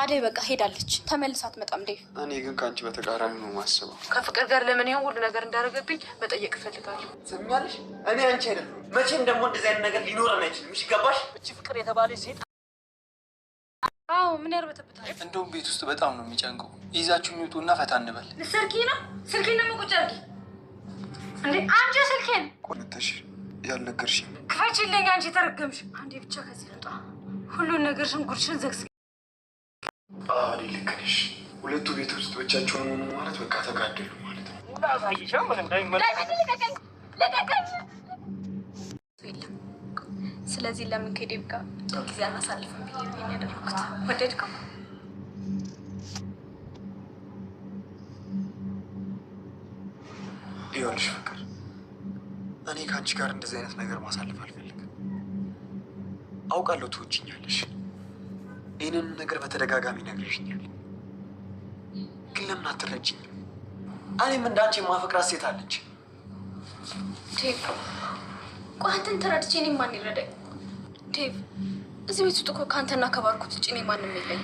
አደይ በቃ ሄዳለች፣ ተመልሳት መጣም ዴ እኔ ግን ከአንቺ በተቃራኒ ነው ማስበው። ከፍቅር ጋር ለምን ይሆን ሁሉ ነገር እንዳደረገብኝ መጠየቅ እፈልጋለሁ። ሰሚያለሽ? እኔ አንቺ አይደለም መቼም ደግሞ እንደዚህ አይነት ነገር ሊኖረን አይችልም። እሺ ገባሽ? እቺ ፍቅር የተባለ ሴት አዎ፣ ምን ያርበተብታል። እንደውም ቤት ውስጥ በጣም ነው የሚጨንቀው። ይዛችሁ የሚውጡና ፈታ እንበል። ስልኪ ነው ስልኪ ነው ቁጭ አድርጊ እንዴ አንቺ ስልኬን ቆልተሽ ያልነገርሽ ክፈችልኝ። አንቺ ተረገምሽ። አንዴ ብቻ ከዚህ ልውጣ። ሁሉን ነገርሽን ጉርሽን ዘግስ አሁን ልክ ነሽ። ሁለቱ ቤት ውስጥ ብቻቸውን ሆኑ ማለት በቃ ተጋደሉ ማለት ነው። ስለዚህ ለምን ከዴብ ጋር ጥሩ ጊዜ አናሳልፍም ብዬ ነው ያደረኩት። ወደድከው? ይኸውልሽ ፍቅር፣ እኔ ከአንቺ ጋር እንደዚህ አይነት ነገር ማሳለፍ አልፈልግም። አውቃለሁ ትውጭኛለሽ ይህንን ነገር በተደጋጋሚ ነግረሽኛል፣ ግን ለምን አትረጅኝም? እኔም እንዳንቺ የማፈቅራት ሴት አለች። ቋንትን ቆይ ኔ ተረድቼ እኔ ማን ይረዳኝ? ዴቭ እዚህ ቤት ውስጥ እኮ ከአንተና ከባርኩት ውጭ እኔ ማንም የለኝ።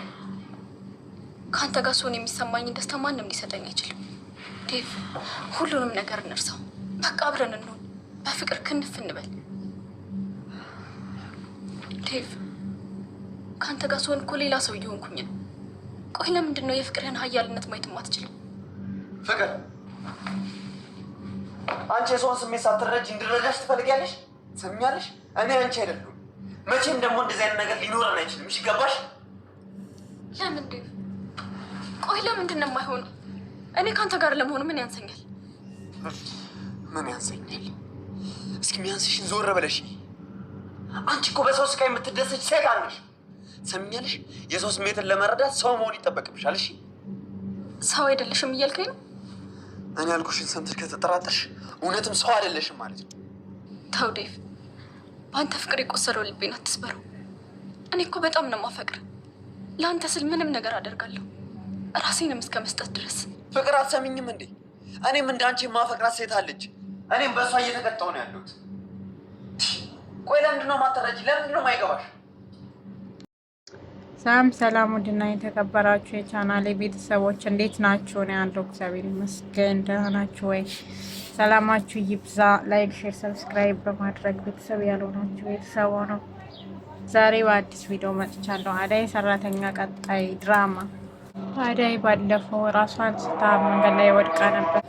ከአንተ ጋር ሲሆን የሚሰማኝን ደስታ ማንም ሊሰጠኝ አይችልም። ዴቭ ሁሉንም ነገር እንርሳው፣ በቃ አብረን እንሆን፣ በፍቅር ክንፍ እንበል ዴቭ ከአንተ ጋር ሲሆን እኮ ሌላ ሰው እየሆንኩኝ ነው። ቆይ ለምንድን ነው የፍቅርህን ሀያልነት ማየት ማትችል? ፍቅር አንቺ የሰውን ስሜት ሳትረጅ እንድረዳሽ ትፈልጊያለሽ? ትሰሚያለሽ? እኔ አንቺ አይደሉም። መቼም ደግሞ እንደዚህ አይነት ነገር ሊኖረን አይችልም። እሺ ገባሽ? ለምንድን ቆይ ለምንድን ነው የማይሆነው? እኔ ከአንተ ጋር ለመሆኑ ምን ያንሰኛል? ምን ያንሰኛል? እስኪ የሚያንስሽን ዞር በለሽ። አንቺ እኮ በሰው ስቃይ የምትደሰች ሴት አለሽ። ሰሚያልሽ የሰው ስሜትን ለመረዳት ሰው መሆን ይጠበቅብሻል። እሺ፣ ሰው አይደለሽም እያልከኝ ነው? እኔ ያልኩሽን ሰምተሽ ከተጠራጠርሽ እውነትም ሰው አይደለሽም ማለት ነው። ተው ዴቭ፣ በአንተ ፍቅር የቆሰለው ልቤን አትስበረው። እኔ እኮ በጣም ነው የማፈቅር። ለአንተ ስል ምንም ነገር አደርጋለሁ ራሴንም እስከ መስጠት ድረስ። ፍቅር አትሰሚኝም እንዴ? እኔም እንደ አንቺ የማፈቅራት ሴት አለች። እኔም በእሷ እየተቀጣሁ ነው ያለሁት። ቆይ ለምንድነው ማተረጂ? ለምንድነው ማይገባሽ? ሰላም ሰላም ውድና የተከበራችሁ የቻናሌ ቤተሰቦች እንዴት ናችሁ? እኔ አለሁ እግዚአብሔር ይመስገን። ደህና ናችሁ ወይ? ሰላማችሁ ይብዛ። ላይክ፣ ሼር፣ ሰብስክራይብ በማድረግ ቤተሰብ ያልሆናችሁ ቤተሰብ ነው። ዛሬ በአዲስ ቪዲዮ መጥቻለሁ። አዳይ ሰራተኛ ቀጣይ ድራማ። አዳይ ባለፈው ራሷን ስታ መንገድ ላይ ወድቃ ነበር።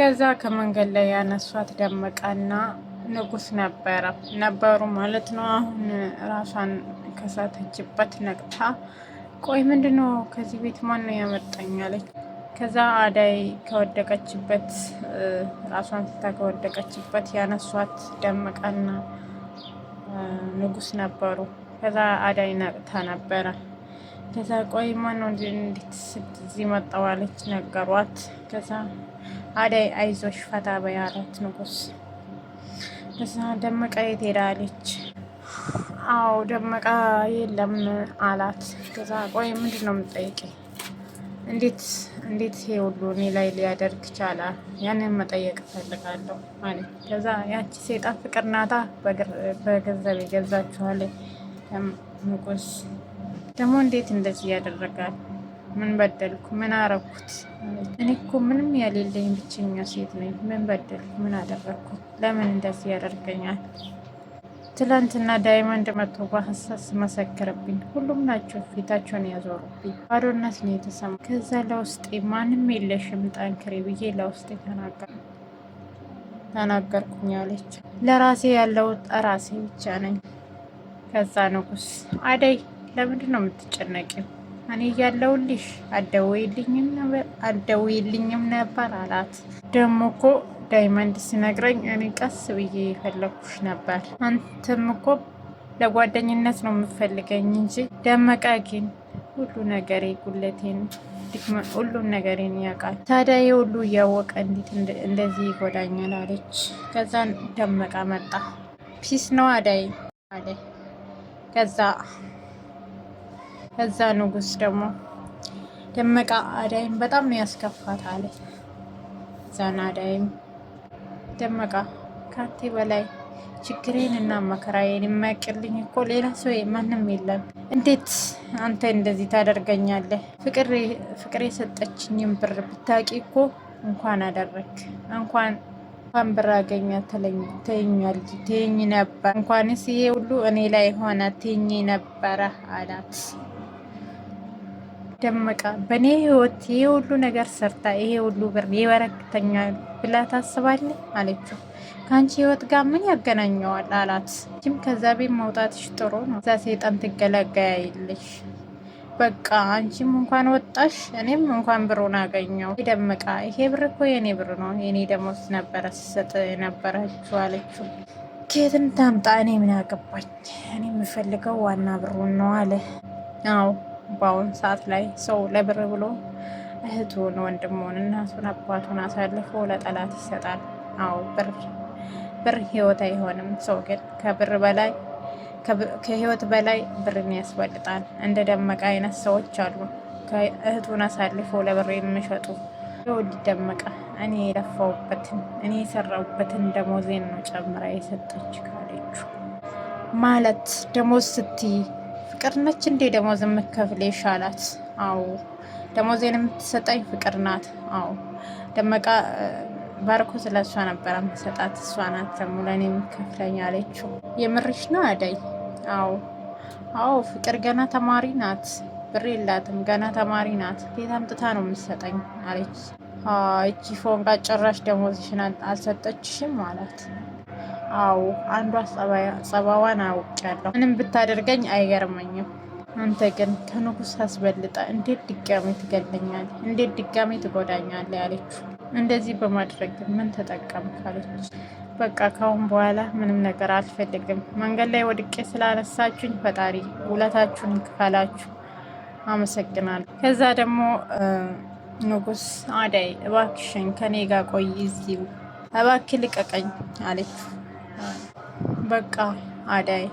ከዛ ከመንገድ ላይ ያነሷት ደመቀና ንጉስ ነበረ ነበሩ ማለት ነው። አሁን ራሷን ከሳተችበት ነቅታ ቆይ ምንድን ነው ከዚህ ቤት ማን ነው ያመጣኝ አለች። ከዛ አዳይ ከወደቀችበት ራሷን ስታ ከወደቀችበት ያነሷት ደመቀና ንጉስ ነበሩ። ከዛ አዳይ ነቅታ ነበረ። ከዛ ቆይ ማን ነው እንዴት እዚህ መጣው አለች። ነገሯት። ከዛ አዳይ አይዞሽ ፈታ በይ ንጉስ። ከዛ ደመቀ የት ሄዳ አለች። አዎ ደመቃ የለም አላት። ከዛ ቆይ ምንድን ነው እንዴት እንዴት ይሄ ሁሉ እኔ ላይ ሊያደርግ ቻላ? ያንን መጠየቅ እፈልጋለሁ ማለት ከዛ ያቺ ሴጣን ፍቅር ናታ በገንዘብ የገዛችኋል ንጉስ ደግሞ እንዴት እንደዚህ ያደረጋል? ምን በደልኩ? ምን አረኩት? እኔ እኮ ምንም የሌለኝ ብቸኛ ሴት ነኝ። ምን በደልኩ? ምን አደረግኩ? ለምን እንደዚህ ያደርገኛል? ትላንትና ዳይመንድ መቶ በሀሳስ መሰከረብኝ። ሁሉም ናቸው ፊታቸውን ያዞሩብኝ። ባዶነት ነው የተሰማ። ከዛ ለውስጤ ማንም የለሽም ጠንክሬ ብዬ ለውስጤ ተናገርኩኝ አለች። ለራሴ ያለው ራሴ ብቻ ነኝ። ከዛ ንጉስ አደይ ለምንድን ነው የምትጨነቂው? እኔ እያለሁልሽ አትደውይልኝም ነበር አላት። ደሞ እኮ ዳይመንድ ሲነግረኝ እኔ ቀስ ብዬ የፈለኩሽ ነበር። አንተም እኮ ለጓደኝነት ነው የምፈልገኝ እንጂ ደመቀ ግን ሁሉ ነገሬ ጉለቴን፣ ሁሉም ነገሬን ያውቃል። ታዲያ የሁሉ እያወቀ እንዴት እንደዚህ ይጎዳኛል? አለች። ከዛን ደመቀ መጣ። ፒስ ነው አዳይ አለ። ከዛ ከዛ ንጉስ ደግሞ ደመቀ አዳይም በጣም ያስከፋት አለ። ከዛን አዳይም ደመቃ ካቴ በላይ ችግሬን እና መከራዬን የማያቅልኝ እኮ ሌላ ሰው ማንም የለም። እንዴት አንተ እንደዚህ ታደርገኛለህ? ፍቅር የሰጠችኝን ብር ብታቂ እኮ እንኳን አደረግ እንኳን እንኳን ብር አገኛ ተይኛል ነበር። እንኳንስ ይሄ ሁሉ እኔ ላይ ሆነ ትኝ ነበረ አላት። ደመቀ በእኔ ህይወት ይሄ ሁሉ ነገር ሰርታ ይሄ ሁሉ ብር ይበረክተኛል ብላ ታስባለ አለችው። ከአንቺ ህይወት ጋር ምን ያገናኘዋል አላት። ጅም ከዛ ቤት መውጣትሽ ጥሩ ነው፣ እዛ ሴጣን ትገላገያለሽ። በቃ አንቺም እንኳን ወጣሽ፣ እኔም እንኳን ብሩን አገኘው። ደመቃ ይሄ ብር እኮ የእኔ ብር ነው፣ የኔ ደሞዝ ነበረ ስሰጥ የነበረችው አለችው። ከየት ታምጣ እኔ ምን አገባኝ፣ እኔ የምፈልገው ዋና ብሩን ነው አለ። አዎ በአሁን ሰዓት ላይ ሰው ለብር ብሎ እህቱን፣ ወንድሙን፣ እናቱን፣ አባቱን አሳልፎ ለጠላት ይሰጣል። አዎ ብር ብር ህይወት አይሆንም። ሰው ግን ከብር በላይ ከህይወት በላይ ብርን ያስበልጣል። እንደ ደመቀ አይነት ሰዎች አሉ እህቱን አሳልፎ ለብር የሚሸጡ ደመቀ እኔ የለፋውበትን እኔ የሰራውበትን ደሞዜን ነው ጨምራ የሰጠች ካለች ማለት ደሞዝ ስትይ ፍቅር ነች እንዴ ደሞዝ የምከፍልሽ አላት። አዎ ደሞዜን የምትሰጠኝ ፍቅር ናት። አዎ ደመቃ ባርኮ ስለሷ ነበር የምትሰጣት እሷ ናት ደግሞ ለእኔ የምከፍለኝ አለችው። የምርሽ ነው አደይ? አዎ አዎ ፍቅር ገና ተማሪ ናት፣ ብር የላትም ገና ተማሪ ናት። ቤት አምጥታ ነው የምትሰጠኝ አለች። እቺ ፎንጋ ጭራሽ ደሞዝሽን አልሰጠችሽም አላት። አዎ አንዷ ጸባዋን አውቄያለሁ። ምንም ብታደርገኝ አይገርመኝም። አንተ ግን ከንጉስ አስበልጠ እንዴት ድጋሜ ትገለኛል? እንዴት ድጋሜ ትጎዳኛለ? ያለችው እንደዚህ በማድረግ ምን ተጠቀም ካለች በቃ ካሁን በኋላ ምንም ነገር አልፈልግም። መንገድ ላይ ወድቄ ስላነሳችሁኝ ፈጣሪ ውለታችሁን ካላችሁ አመሰግናለሁ። ከዛ ደግሞ ንጉስ አዳይ እባክሽን ከኔ ጋር ቆይ እዚሁ እባክህ ልቀቀኝ አለችው። በቃ አዳይ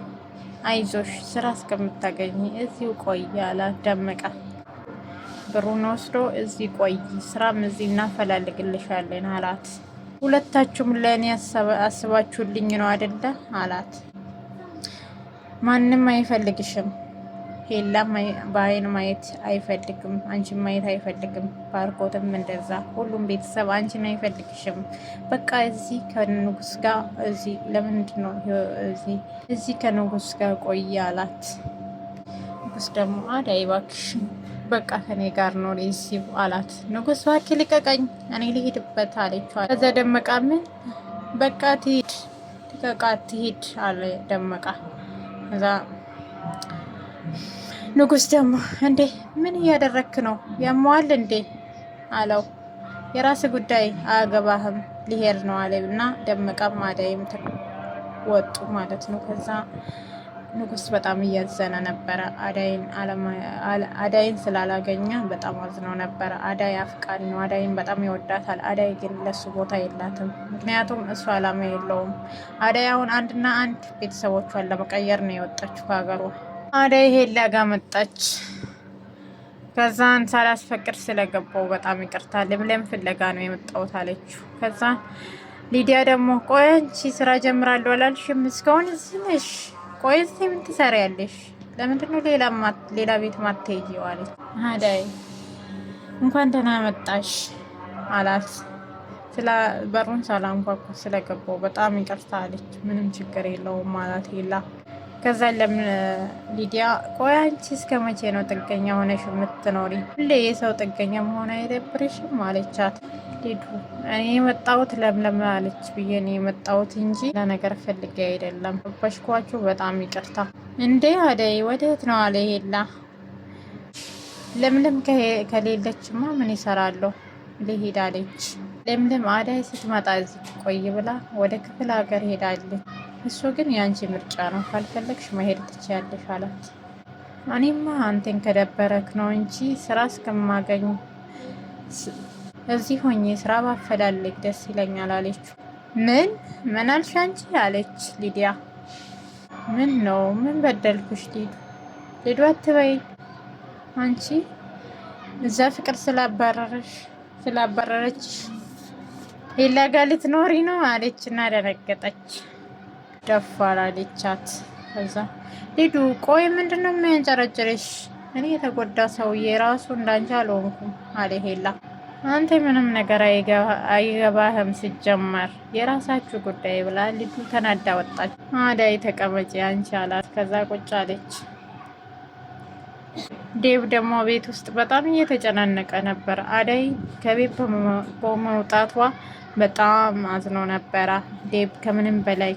አይዞሽ ስራ እስከምታገኝ እዚሁ ቆይ አላት ደመቀ ብሩን ወስዶ እዚህ ቆይ ስራም እዚህ እናፈላልግልሻለን አላት። ሁለታችሁም ለእኔ አስባችሁልኝ ነው አደለ አላት። ማንም አይፈልግሽም ሄላ በአይን ማየት አይፈልግም፣ አንቺን ማየት አይፈልግም። ባርኮትም እንደዛ ሁሉም ቤተሰብ አንቺን አይፈልግሽም። በቃ እዚህ ከንጉስ ጋር እዚህ ለምንድን ነው እዚህ ከንጉስ ጋር ቆይ አላት። ንጉስ ደግሞ አዳይ እባክሽ በቃ ከኔ ጋር ኖር እዚህ አላት። ንጉስ እባክህ ልቀቀኝ፣ እኔ ልሄድበት አለችው። ከዛ ደመቃ ምን በቃ ትሂድ፣ ልቀቃት ትሂድ አለ ደመቃ ከዛ ንጉስ ደግሞ እንዴ ምን እያደረክ ነው? ያመዋል እንዴ አለው። የራስ ጉዳይ አያገባህም ሊሄድ ነው አለ እና ደመቀም አደይም ወጡ ማለት ነው። ከዛ ንጉስ በጣም እያዘነ ነበረ። አደይን ስላላገኘ በጣም አዝኖ ነበረ። አደይ አፍቃሪ ነው። አደይን በጣም ይወዳታል። አደይ ግን ለሱ ቦታ የላትም። ምክንያቱም እሱ አላማ የለውም። አደይ አሁን አንድና አንድ ቤተሰቦቿን ለመቀየር ነው የወጣችው ከሀገሯ አደይ ሄላ ጋር መጣች። ከዛን ሳላስፈቅድ ስለገባው በጣም ይቅርታ ለምለም ፍለጋ ነው የመጣሁት አለችው። ከዛ ሊዲያ ደግሞ ቆይ አንቺ ስራ ጀምራለሁ አላልሽም? እስካሁን እዚህ ነሽ። ቆይ እዚህ ምን ትሰሪያለሽ? ለምንድን ነው ሌላ ቤት ማትሄጂው? አለች አደይ። እንኳን ደህና መጣሽ አላት። ስለ በሩን ሳላንኳኩ ስለገባው በጣም ይቅርታ አለች። ምንም ችግር የለውም አላት ሄላ ከዛ ለምን ሊዲያ ቆይ አንቺ እስከ መቼ ነው ጥገኛ ሆነሽ የምትኖሪ? ሁሌ የሰው ጥገኛ መሆን አይደብርሽም? አለቻት ሊዱ። እኔ የመጣሁት ለምለም አለች ብዬ ነው የመጣሁት እንጂ ለነገር ፈልጌ አይደለም። በሽኳችሁ በጣም ይቅርታ። እንዴ አደይ ወዴት ነው አለ ሄላ። ለምለም ከሌለችማ ምን ይሰራለሁ? ልሄድ አለች ለምለም። አደይ ስትመጣ እዚህ ቆይ ብላ ወደ ክፍለ ሀገር ሄዳለች። እሱ ግን የአንቺ ምርጫ ነው፣ ካልፈለግሽ መሄድ ትችያለሽ አላት። እኔማ አንተን ከደበረክ ነው እንጂ ስራ እስከማገኝ እዚህ ሆኜ ስራ ባፈላልግ ደስ ይለኛል አለችው። ምን ምን አልሽ አንቺ አለች ሊዲያ። ምን ነው ምን በደልኩሽ ሊዱ? ሊዱ አትበይ አንቺ እዛ ፍቅር ስላባረረሽ ስላባረረች ሌላ ጋ ልትኖሪ ነው አለች እና ደነገጠች። ደፋር አለቻት። ከዛ ሊዱ ቆይ ምንድን ነው የሚያንጨረጭርሽ? እኔ የተጎዳ ሰውዬ ራሱ እንዳንቺ አልሆንኩም አለ ሄላ። አንተ ምንም ነገር አይገባህም ሲጀመር የራሳችሁ ጉዳይ ብላ ሊዱ ተናዳ ወጣች። አዳይ ተቀመጪ አንቺ አላት። ከዛ ቁጭ አለች። ዴቭ ደግሞ ቤት ውስጥ በጣም እየተጨናነቀ ነበር። አዳይ ከቤት በመውጣቷ በጣም አዝኖ ነበረ። ዴብ ከምንም በላይ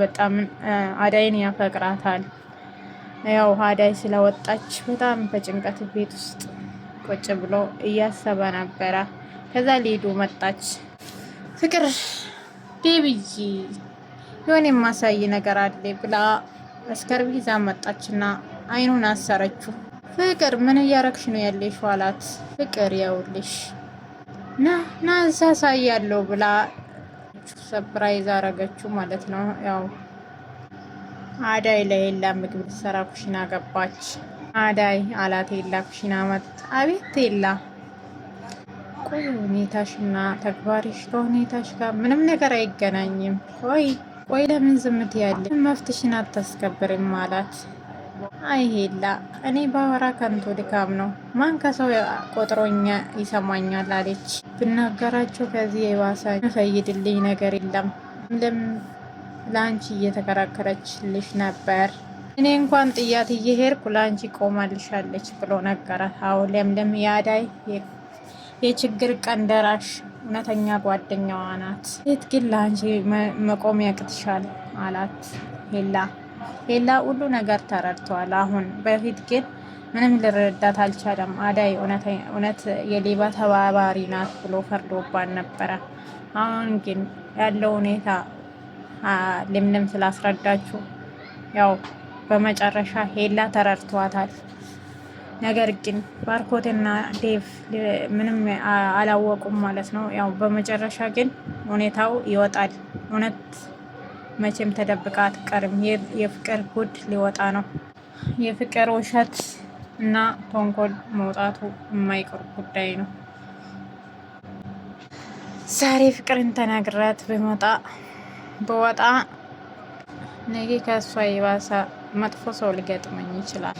በጣም አዳይን ያፈቅራታል። ያው አዳይ ስለወጣች በጣም በጭንቀት ቤት ውስጥ ቁጭ ብሎ እያሰበ ነበረ። ከዛ ሊዱ መጣች። ፍቅር ዴብዬ የሆነ የማሳይ ነገር አለ ብላ አስከርቢ ይዛ መጣችና አይኑን አሰረችው። ፍቅር ምን እያረግሽ ነው ያለሽ? አላት። ፍቅር ያውልሽ ና ና እሳሳያለሁ ብላ ሰፕራይዝ አረገችው ማለት ነው። ያው አዳይ ለሄላ ምግብ ልትሰራ ኩሽና ገባች። አዳይ አላት ሄላ ኩሽና መጣ። አቤት ሄላ ቆይ ሁኔታሽና ተግባሪሽ ከሁኔታሽ ጋር ምንም ነገር አይገናኝም። ቆይ ቆይ ለምን ዝምት ያለ መፍትሽን አታስከብርም? አላት አይ ሄላ! እኔ ባወራ ከንቱ ድካም ነው። ማን ከሰው ቆጥሮኛ ይሰማኛል አለች። ብናገራቸው ከዚህ የባሰ ፈይድልኝ ነገር የለም። ለም ለአንቺ እየተከራከረችልሽ ነበር። እኔ እንኳን ጥያት እየሄድኩ ለአንቺ ቆማልሻለች ብሎ ነገራት። አዎ ለምለም ያዳይ የችግር ቀን ደራሽ እውነተኛ ጓደኛዋ ናት። ሴት ግን ለአንቺ መቆም ያቅትሻል አላት ሄላ ሌላ ሁሉ ነገር ተረድተዋል። አሁን በፊት ግን ምንም ልረዳት አልቻለም። አዳይ እውነት የሌባ ተባባሪ ናት ብሎ ፈርዶባን ነበረ። አሁን ግን ያለው ሁኔታ ልምልም ስላስረዳችሁ ያው በመጨረሻ ሄላ ተረድቷታል። ነገር ግን ባርኮትና ዴቭ ምንም አላወቁም ማለት ነው። ያው በመጨረሻ ግን ሁኔታው ይወጣል እውነት መቼም ተደብቃ አትቀርም። የፍቅር ጉድ ሊወጣ ነው። የፍቅር ውሸት እና ተንኮል መውጣቱ የማይቀር ጉዳይ ነው። ዛሬ ፍቅርን ተናግራት በመጣ በወጣ ነገ ከእሷ የባሰ መጥፎ ሰው ሊገጥመኝ ይችላል።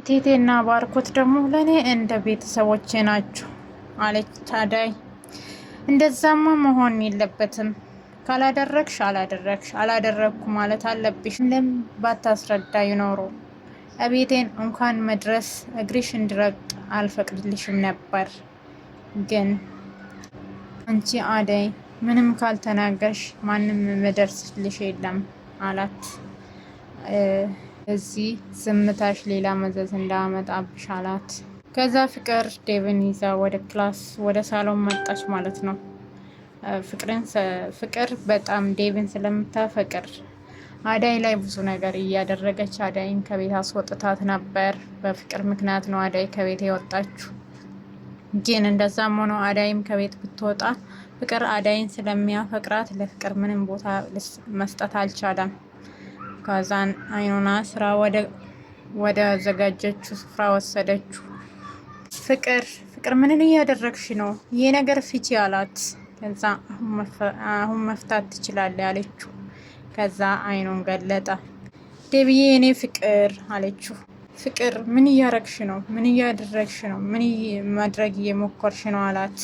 እቴቴ እና ባርኮት ደግሞ ለእኔ እንደ ቤተሰቦቼ ናቸው አለች አዳይ። እንደዛማ መሆን የለበትም ካላደረግሽ አላደረግሽ አላደረግኩ ማለት አለብሽ። ምንም ባታስረዳ ይኖሩ እቤቴን እንኳን መድረስ እግሪሽ እንድረግጥ አልፈቅድልሽም ነበር። ግን አንቺ አደይ ምንም ካልተናገርሽ ማንም መደርስልሽ የለም አላት። እዚህ ዝምታሽ ሌላ መዘዝ እንዳመጣብሽ አላት። ከዛ ፍቅር ዴቭን ይዛ ወደ ክላስ ወደ ሳሎን መጣች ማለት ነው። ፍቅርን ፍቅር በጣም ዴቭን ስለምታፈቅር አዳይ ላይ ብዙ ነገር እያደረገች አዳይን ከቤት አስወጥታት ነበር። በፍቅር ምክንያት ነው አዳይ ከቤት የወጣችሁ። ግን እንደዛም ሆኖ አዳይም ከቤት ብትወጣ ፍቅር አዳይን ስለሚያፈቅራት ለፍቅር ምንም ቦታ መስጠት አልቻለም። ከዛን አይኑና ስራ ወደ ስፍራ ወሰደችው። ፍቅር ፍቅር ምንን እያደረግሽ ነው? ይህ ነገር ፍቺ አላት። ከዛ አሁን መፍታት ትችላለህ አለችው። ከዛ አይኑን ገለጠ። ዴብዬ እኔ ፍቅር አለችው። ፍቅር ምን እያረግሽ ነው? ምን እያደረግሽ ነው? ምን ማድረግ እየሞከርሽ ነው አላት።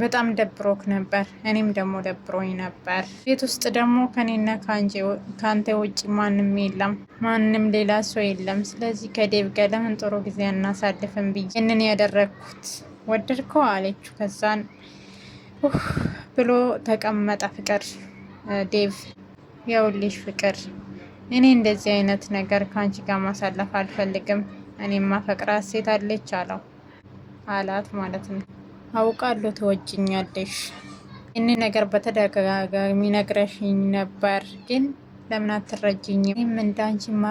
በጣም ደብሮክ ነበር፣ እኔም ደግሞ ደብሮኝ ነበር። ቤት ውስጥ ደግሞ ከኔና ከአንተ ውጭ ማንም የለም፣ ማንም ሌላ ሰው የለም። ስለዚህ ከዴብ ጋር ለምን ጥሩ ጊዜ እናሳልፍን ብዬ ይህንን ያደረግኩት። ወደድከው አለችው። ከዛን ብሎ ተቀመጠ። ፍቅር ዴቭ የውልሽ ፍቅር፣ እኔ እንደዚህ አይነት ነገር ከአንቺ ጋር ማሳለፍ አልፈልግም። እኔ ፈቅራት ሴት አለች አለው አላት ማለት ነው። አውቃለሁ ትወጅኛለሽ። እኔ ነገር በተደጋጋሚ ነግረሽኝ ነበር፣ ግን ለምን አትረጅኝም? ይህም እንደ አንቺማ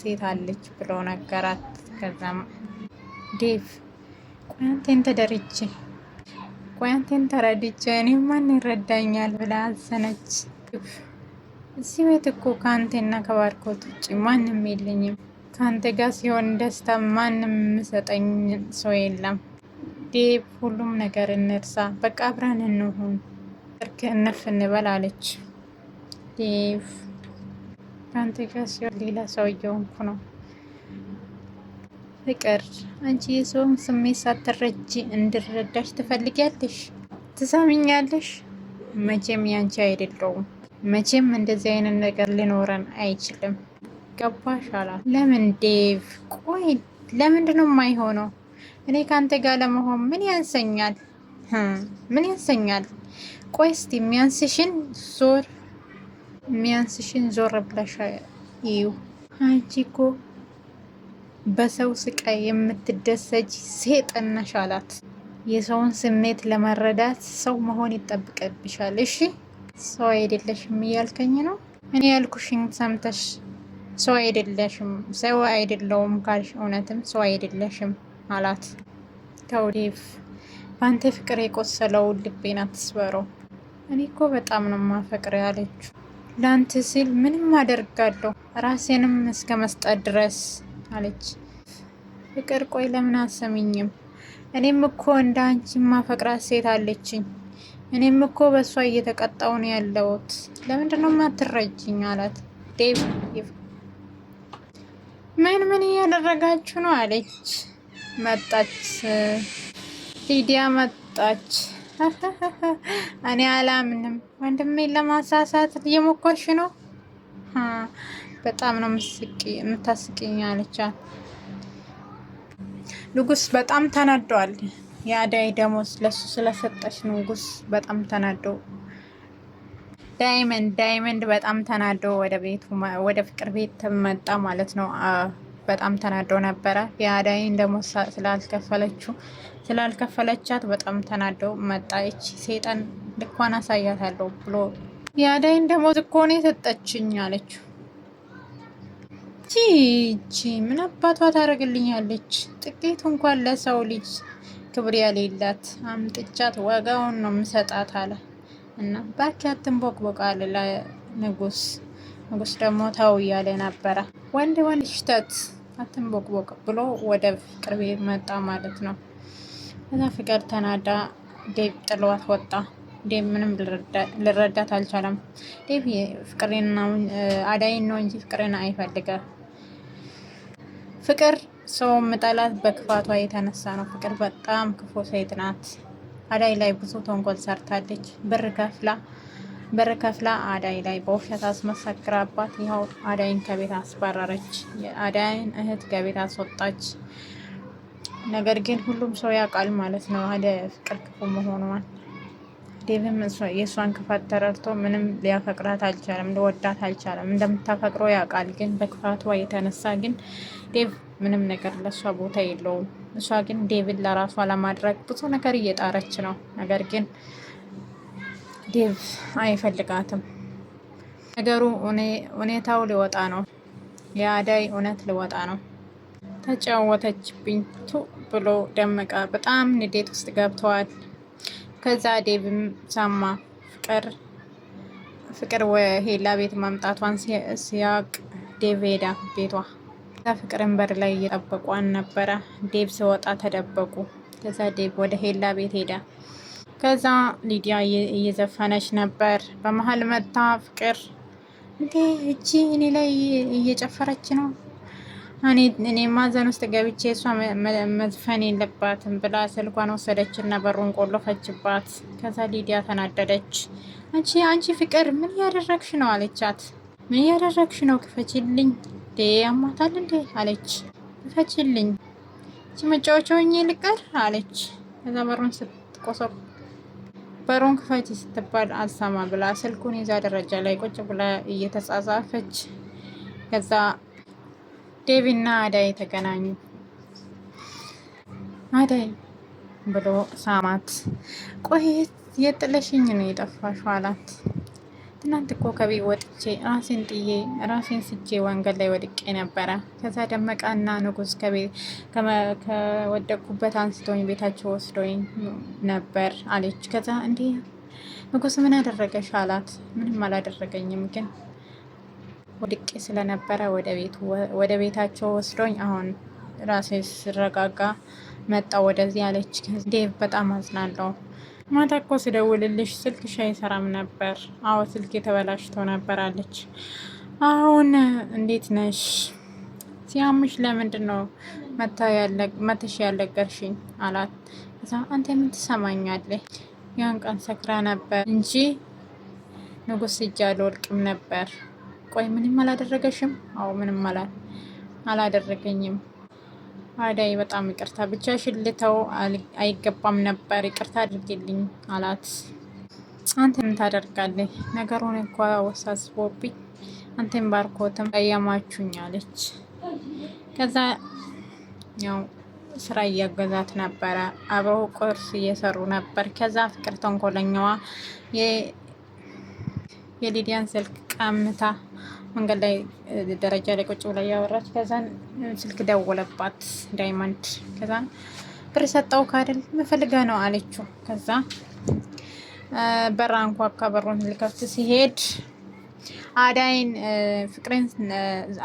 ሴት አለች ብሎ ነገራት። ከዛም ዴቭ ቆይ አንተን ተደርቼ ቆይ አንተን ተረድቼ እኔ ማን ይረዳኛል ብላ አዘነች። እዚህ ቤት እኮ ከአንቴና ከባርኮት ውጭ ማንም የለኝም። ከአንተ ጋር ሲሆን ደስታ ማንም የምሰጠኝ ሰው የለም። ዴብ ሁሉም ነገር እንርሳ፣ በቃ አብረን እንሁን፣ እርክ እነፍ እንበል አለች። ዴብ ከአንተ ጋር ሲሆን ሌላ ሰው እየሆንኩ ነው ፍቅር አንቺ የሰውን ስሜት ሳትረጂ እንድረዳሽ ትፈልጊያለሽ? ትሰምኛለሽ? መቼም ያንቺ አይደለውም። መቼም እንደዚህ አይነት ነገር ሊኖረን አይችልም። ገባሽ? አላት። ለምን ዴቭ? ቆይ ለምንድን ነው የማይሆነው? እኔ ከአንተ ጋር ለመሆን ምን ያንሰኛል? ምን ያንሰኛል? ቆይ እስቲ የሚያንስሽን ዞር የሚያንስሽን ዞር ብለሽ ይዩ። አንቺ እኮ በሰው ስቃይ የምትደሰጅ ሴጠነሽ አላት። የሰውን ስሜት ለመረዳት ሰው መሆን ይጠብቅብሻል። እሺ ሰው አይደለሽም እያልከኝ ነው? እኔ ያልኩሽን ሰምተሽ ሰው አይደለሽም፣ ሰው አይደለውም ካልሽ እውነትም ሰው አይደለሽም አላት። ተውዴፍ በአንተ ፍቅር የቆሰለውን ልቤን አትስበረው። እኔ እኮ በጣም ነው ማፈቅር ያለችው ለአንተ ሲል ምንም አደርጋለሁ ራሴንም እስከ መስጠት ድረስ አለች። ፍቅር ቆይ ለምን አሰሚኝም? እኔም እኮ እንደ አንቺ ማፈቅራት ሴት አለችኝ። እኔም እኮ በእሷ እየተቀጣው ነው ያለሁት። ለምንድን ነው የማትረጅኝ? አላት ዴቭ። ምን ምን እያደረጋችሁ ነው? አለች። መጣች ሊዲያ መጣች። እኔ አላምንም። ወንድሜን ለማሳሳት እየሞከርሽ ነው በጣም ነው የምታስቂኝ አለቻት። ንጉስ በጣም ተናደዋል። የአዳይ ደሞዝ ለሱ ስለሰጠች ንጉስ በጣም ተናደው ዳይመንድ ዳይመንድ በጣም ተናዶ ወደ ቤቱ ወደ ፍቅር ቤት መጣ ማለት ነው። በጣም ተናዶ ነበረ። የአዳይን ደሞዝ ስላልከፈለችው ስላልከፈለቻት በጣም ተናዶ መጣ። ይቺ ሴጠን ልኳን አሳያታለሁ ብሎ የአዳይን ደሞዝ እኮ ነው የሰጠችኝ አለችው። ይቺ ምን አባቷ ታደርግልኛለች? ጥቂት እንኳን ለሰው ልጅ ክብር ያሌላት አምጥቻት ዋጋውን ነው የምሰጣት አለ እና እባክህ አትንቦቅቦቅ አለ ለንጉስ። ንጉስ ደግሞ ተው እያለ ነበረ። ወንድ ወንድ ሽተት አትንቦቅቦቅ ብሎ ወደ ፍቅር ቤት መጣ ማለት ነው። እዛ ፍቅር ተናዳ ዴብ ጥሏት ወጣ። ዴብ ምንም ልረዳት አልቻለም። ዴብ ፍቅሬና አዳይን ነው እንጂ ፍቅሬን አይፈልገም። ፍቅር ሰው ምጠላት በክፋቷ የተነሳ ነው። ፍቅር በጣም ክፉ ሴት ናት። አዳይ ላይ ብዙ ተንኮል ሰርታለች። ብር ከፍላ ብር ከፍላ አዳይ ላይ በውሸት አስመሰክራባት ይኸው አዳይን ከቤት አስባረረች። የአዳይን እህት ከቤት አስወጣች። ነገር ግን ሁሉም ሰው ያውቃል ማለት ነው አዳይ ፍቅር ክፉ መሆኗን። ዴቭም የእሷን ክፋት ተረድቶ ምንም ሊያፈቅራት አልቻለም፣ ሊወዳት አልቻለም። እንደምታፈቅረው ያውቃል፣ ግን በክፋቷ የተነሳ ግን ዴቭ ምንም ነገር ለእሷ ቦታ የለውም። እሷ ግን ዴቭን ለራሷ ለማድረግ ብዙ ነገር እየጣረች ነው። ነገር ግን ዴቭ አይፈልጋትም። ነገሩ ሁኔታው ሊወጣ ነው፣ የአዳይ እውነት ሊወጣ ነው። ተጫወተችብኝቱ ብሎ ደመቀ በጣም ንዴት ውስጥ ገብተዋል። ከዛ ዴብም ሰማ ፍቅር ፍቅር ሄላ ቤት መምጣቷን ሲያቅ ዴቭ ሄዳ ቤቷ ከዛ ፍቅርን በር ላይ እየጠበቋን ነበረ። ዴቭ ሲወጣ ተደበቁ። ከዛ ዴቭ ወደ ሄላ ቤት ሄዳ ከዛ ሊዲያ እየዘፈነች ነበር። በመሀል መታ ፍቅር እንዴ እቺ እኔ ላይ እየጨፈረች ነው እኔ ማዘን ውስጥ ገብቼ እሷ መዝፈን የለባትም ብላ ስልኳን ወሰደች እና በሩን ቆለፈችባት። ከዛ ሊዲያ ተናደደች። አንቺ አንቺ ፍቅር ምን እያደረግሽ ነው አለቻት። ምን እያደረግሽ ነው? ክፈችልኝ ዴ አሟታል እንዴ አለች። ክፈችልኝ እቺ መጫወቻውኝ ልቀር አለች። ከዛ በሩን ስትቆሰቁ በሩን ክፈች ስትባል አልሰማ ብላ ስልኩን ይዛ ደረጃ ላይ ቁጭ ብላ እየተጻጻፈች ከዛ ዴቪና አዳይ ተገናኙ። አዳይ ብሎ ሳማት። ቆይ የጥለሽኝ ነው የጠፋሽው አላት። ትናንት እኮ ከቤት ወጥቼ ራሴን ጥዬ ራሴን ስቼ ወንገድ ላይ ወድቄ ነበረ። ከዛ ደመቃና ንጉስ ከወደቅኩበት አንስቶኝ ቤታቸው ወስዶኝ ነበር አለች። ከዛ እንዲህ ንጉስ ምን አደረገሽ አላት። ምንም አላደረገኝም ግን ወድቄ ስለነበረ ወደ ቤታቸው ወስዶኝ አሁን ራሴ ስረጋጋ መጣ ወደዚህ አለች። ዴቭ በጣም አዝናለሁ። ማታ እኮ ስደውልልሽ ስልክሽ አይሰራም ነበር። አዎ ስልክ የተበላሽቶ ነበር አለች። አሁን እንዴት ነሽ? ሲያምሽ ለምንድን ነው መተሽ ያለገርሽኝ? አላት። እዛ አንተ ምን ትሰማኛለህ? ያን ቀን ሰክራ ነበር እንጂ ንጉስ እጅ አልወድቅም ነበር ቆይ ምንም አላደረገሽም? አዎ ምንም አላደረገኝም። አዳይ በጣም ይቅርታ፣ ብቻ ሽልተው አይገባም ነበር፣ ይቅርታ አድርግልኝ አላት። አንተ ምን ታደርጋለህ? ነገሩን እኳ አወሳስቦብኝ አንተም ባርኮትም ቀየማችሁኝ አለች። ከዛ ያው ስራ እያገዛት ነበረ። አብረው ቁርስ እየሰሩ ነበር። ከዛ ፍቅር ተንኮለኛዋ የሊዲያን ስልክ ቀምታ መንገድ ላይ ደረጃ ላይ ቁጭ ብላ እያወራች ከዛን ስልክ ደወለባት ዳይመንድ። ከዛን ብር ሰጠው ካደል መፈልጋ ነው አለችው። ከዛ በራ እንኳ በሩን ልከፍት ሲሄድ አዳይን ፍቅርን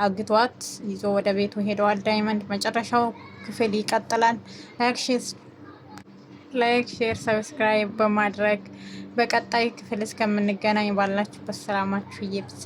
አግቷት ይዞ ወደ ቤቱ ሄደዋል። ዳይመንድ መጨረሻው ክፍል ይቀጥላል። ላይክ፣ ሼር፣ ሰብስክራይብ በማድረግ በቀጣይ ክፍል እስከምንገናኝ ባላችሁበት ሰላማችሁ ይብዛ።